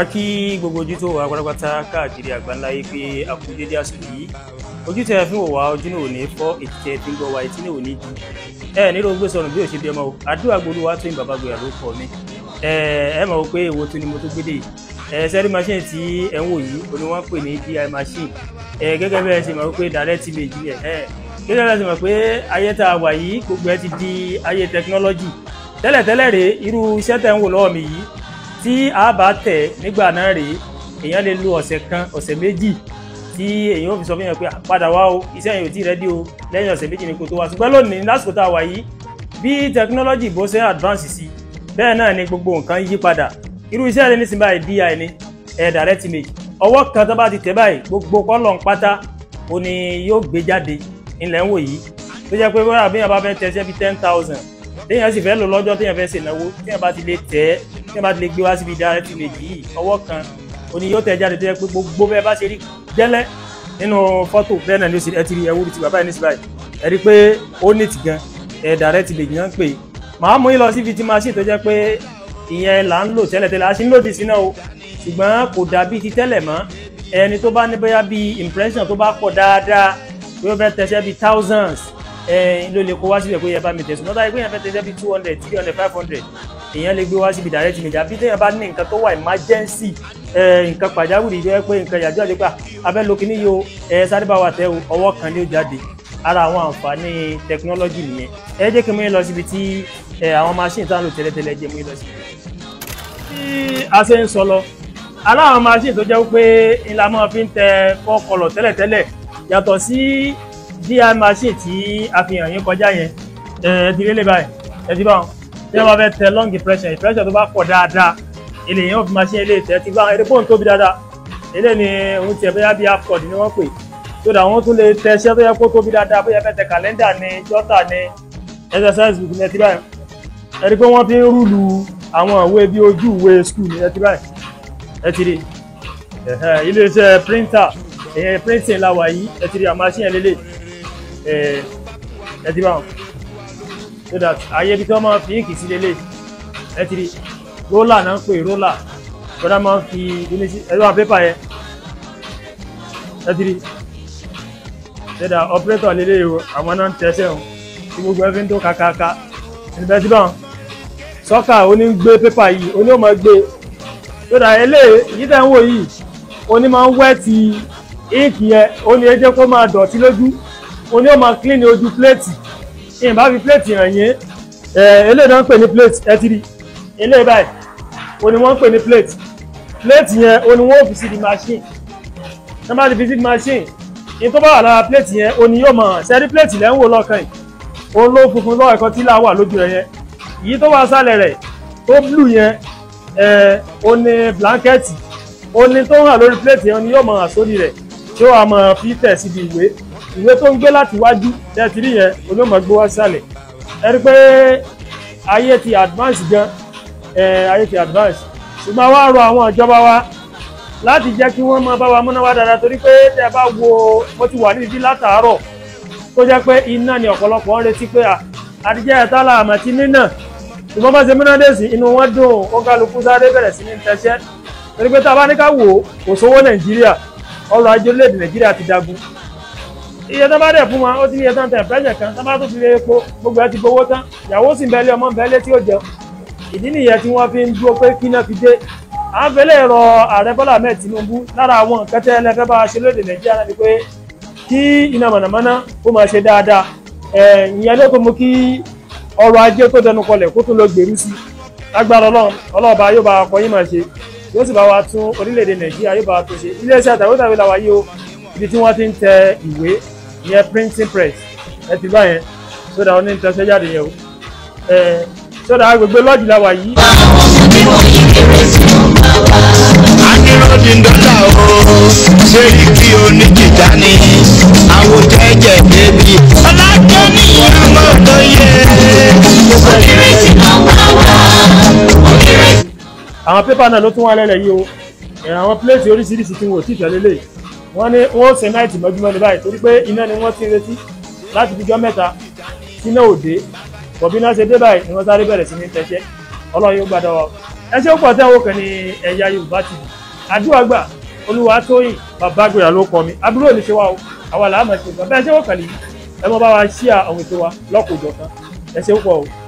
a kí gbogbo ojú tó wà pátápátá káàkiri àgbáńlá yìí pé a kú dédé àsìkò yìí ojú tẹ fi wò wá ojú náà ò ní fọ ètùtẹ tí ń gbọ́ wa etí náà ò ní jù ẹ nílò gbé sọnù bí ò ṣe bí ọmọ àdúrà gbolú wa tó ń bàbá gbéra ló kọ mi ẹ ẹ mọ̀ pé èwo tó ni mo tó gbé dé yìí ẹ sẹ́rí machine tí ẹ ń wò yìí òní wọ́n pè ní bi machine ẹ gẹ́gẹ́ bẹ́ẹ̀ ṣe mọ̀ pé direct image yẹ ẹ gẹ́gẹ́ bẹ́ẹ̀ ṣe mọ̀ pé ayé tá a ti di ayé technology tẹ́lẹ̀tẹ́lẹ̀ rèé irú tí a bá tẹ̀ nígbà náà rèé èèyàn lè lo ọ̀sẹ̀ kan ọ̀sẹ̀ méjì tí èèyàn ò fi sọ fún yàn pé padà wá o iṣẹ́ yẹn ò tí ì rẹ́dí o lẹ́yìn ọ̀sẹ̀ méjì ni kò tó wá ṣùgbọ́n lónìí lásìkò tá a wà yìí bí technology bó ṣe advance sí bẹ́ẹ̀ náà ni gbogbo nǹkan yí padà irú iṣẹ́ rẹ nísìnyí báyìí di àìní ẹ̀ direct image ọwọ́ kan tó bá ti tẹ̀ báyìí gbogbo kọ́lọ̀ ń pátá ó ní yóò gbé jáde ilẹ̀ ń wò yìí tó jẹ́ pé bóyá àbíyàn bá fẹ́ tẹ̀ ṣẹ́ ten thousand téèyàn sì fẹ́ lò lọ́jọ́ téèyàn fẹ́ ṣèlówó téèyàn bá ti lè tẹ̀ tí wọ́n bá ti lè gbé wá síbi ìdárayá ti lè yìí ọwọ́ kan òní yóò tẹ̀ jáde tó yẹ pé gbogbo bẹ́ẹ̀ bá ṣe rí gẹ́lẹ́ nínú fọ́tò bẹ́ẹ̀ náà ló ṣe ẹ ti rí ẹwúrú ti bàbá yẹn ní síbáyì ẹ rí i pé ó ní ti gan ẹ̀dà rẹ ti lè yàn pé màá mú yín lọ síbi tí machine tó jẹ́ pé ìyẹn là ń lò tẹ́lẹ̀tẹ́lẹ̀ a ṣì ń lòdì o ṣùgbọ́n kò dàbí ti tẹ́lẹ̀ mọ́ ẹni tó bá ní bóyá bíi impression tó bá pọ̀ dáadáa pé ó fẹ́ tẹ̀sẹ̀ bíi thousands ló lè kó wá síbẹ̀ pé yẹ bá mi tẹ̀sùn lọ́dọ̀ yẹ pé yẹn fẹ́ tẹ̀sẹ̀ bíi two hundred three hundred five hundred èèyàn lè gbé wá síbi direct media bí téèyàn bá ní nǹkan tó wà emergency nǹkan pàjáwìrì jọ pé nǹkan yàjọ àjẹpà abẹ́lò ah, kìíní yìí o sáré bá wà tẹ o ọwọ́ kan ní ó jáde ara àwọn àǹfààní technology nìyẹn ẹ jẹ́ kí mo yín lọ síbi tí àwọn machine tá à ń lò tẹ́lẹ̀tẹ́lẹ̀ jẹ́ mo yín lọ síbi. bí a ṣe ń sọ lọ aláwọn machine tó jẹ́ pé ńlá máa fi ń tẹ kọ́kọ́lọ̀ tẹ́lẹ̀tẹ́lẹ̀ yàtọ̀ sí DI machine tí a fi hàn yín kọjá yẹn ẹ ti lélẹ̀ báyìí ẹ ti bá wọn bí wọ́n bá fẹ́ tẹ long pressure pressure tó bá pọ̀ dáadáa ilé yẹn ó fi máa ṣe ilé ìtẹ́ ti gbá eré bóun tóbi dáadáa ilé ni òun tiẹ̀ bóyá bí afọ̀dì ni wọ́n pè tó dà wọ́n tún lè tẹ iṣẹ́ tó yẹ kó tóbi dáadáa bóyá fẹ́ tẹ kàlẹ́ndà ni jọ́tà ni exercise book ni ẹ ti báyìí ẹ pé wọ́n fi ń rúlu àwọn ìwé bí ojú ìwé school ni ẹ ti báyìí ẹ ti rí ilé iṣẹ́ printer ìyẹn printing la wà yìí ẹ ti rí àwọn machine ẹ so that ayé bí tí wọ́n máa fi íǹkì sí lélẹ̀ ẹ ti rí rólà náà ń pè rólà bọ́dá máa ń fi ilé sí ẹ̀rọ àpépà yẹn ẹ ti rí so that operator lélẹ̀ àwọn náà ń tẹ́sẹ̀ o tí gbogbo ẹ fi ń tó kakaka ẹnìbẹ́ tí báwọn sọ́kà ó ní gbé pépà yìí ó ní máa gbé so that eléyìí yìí tẹ̀ ń wò yìí ó ní máa ń wẹ́ ti íǹkì yẹn ó ní ẹ jẹ́ kó máa dọ̀tí lójú ó ní máa clean ojú pléètì ìyẹn bá fi plate hàn yín eléyìí náà ń pè ní plate ẹ ti rí eléyìí báyìí òun ni wọ́n ń pè ní plate plate yẹn òun ni ò fi sí di machine ẹ má ti fi sí di machine ìyẹn tó bá wà lára plate yẹn òun ni yóò mọ̀ hàn sẹ́rí plate lẹ́ ń wò lọ́kàn yìí òun ló funfun lọ́wọ́ ẹ̀kọ́ tí láwà lójú ẹ̀ yẹn èyí tó wà sálẹ̀ rẹ̀ tó blue yẹn ó ní blanketi ó ní tó hàn lórí plate yẹn ó ní yóò mọ̀ hàn sórí rẹ̀ tí ó wà mọ̀ fi tẹ̀ síbi ìwé ìwé tó ń gbé láti wájú tẹ́ ti rí yẹn olóòmọ̀ wá sálẹ̀ ẹ pé ayé ti advance gan ẹ ayé ti advance ṣùgbọ́n wá rọ àwọn ìjọba wa láti jẹ́ kí wọ́n máa bá wa múná wá dáadáa torí pé tẹ́ bá wo mo ti wà nídìí látàárọ̀ tó jẹ́ pé iná ni ọ̀pọ̀lọpọ̀ ń retí pé àdìjẹ́ ẹ̀ta làmọ̀ ti nínà ṣùgbọ́n bá ṣe múná dé sí inú wọn dùn ó kálukú sáré bẹ̀rẹ̀ sí ní tẹ́ṣẹ́ torí pé tá a bá ní ká wò kò sówó nàìjíríà ọrọ̀ ajé orílẹ̀-èdè nàìjíríà ti dagun iye tán bá dẹ̀ fún wa ó ti ní iye tán tẹ̀ pẹ́sẹ̀ kan tán bá tó fi lé epo gbogbo ẹ ti gbowó tán ìyàwó sì ń bẹ́lẹ̀ ọmọ ń bẹ́lẹ̀ tí ó jẹun ìdí nìyẹn tí wọ́n fi ń dúró pé kí náà fi dé à ń fẹ́lẹ̀ rọ ààrẹ Bọ́lá Ahmed Tinubu lára àwọn nǹkan tẹ́ ẹlẹ́fẹ́ bá ṣe lóde Nàìjíríà náà ni pé kí iná mọ̀nàmọ́ná kó máa ṣe dáadáa ìyẹn ló tó mú kí ọrọ̀ ajé tó dẹnu kọlẹ̀ kó tún lọ gbèrú sí lágbára Ọlọ́run ọlọ́ọ̀bá yóò bá akọ yín máa ṣe yóò sì bá wa tún orílẹ̀-èdè Nàìjíríà yóò bá wa tún ṣe iléeṣẹ́ àtàwé tàwé làwáyé o ibi tí wọ́n ti ń tẹ ìwé ìyẹn printing press ẹ ti bá yẹn sódà ó ní ìtọ́sẹ́ jáde yẹn o sódà agbègbè lọ́ọ̀jì la wà yìí. akéròdì dọ́là o ṣé ìkí oníjìjà ni àwòjẹ́jẹ́ débi ọlájọ́ ní ìyàmọ́ tó yẹ onírètí àwọn àwa onírètí. àwọn pépà náà ló tún wà lẹ́lẹ̀ yìí o àwọn pílẹ̀tì oríṣiríṣi tí wọn ò tí tẹ̀lé lé wọ́n ní wọ́n ṣe náìtì mọ́júmọ́ ní báyìí torí pé iná ni wọ́n ti ń retí láti fi jọ́ mẹ́ta síná òde bọ̀bí náà ṣe dé báyìí ni wọ́n sáré bẹ̀rẹ̀ sí ní tẹ̀ṣẹ́ ọlọ́run yóò gbàdọ̀ wa ẹ ṣé ó pọ̀ tẹ́ òkè ní ẹ̀yà yorùbá ti àdúrà gbà Olúwatóyìn Bàbágboyà ló kọ mi àbúrò ò ní ṣe wá o àwa làá mọ̀ ṣe nǹkan bẹ́ẹ̀ ṣé ó kàn ní ẹ mọ́ bá wa ṣíà ọ̀hún ṣe wa lọ́kùnjọ̀kan ẹ ṣé ó pọ̀ o.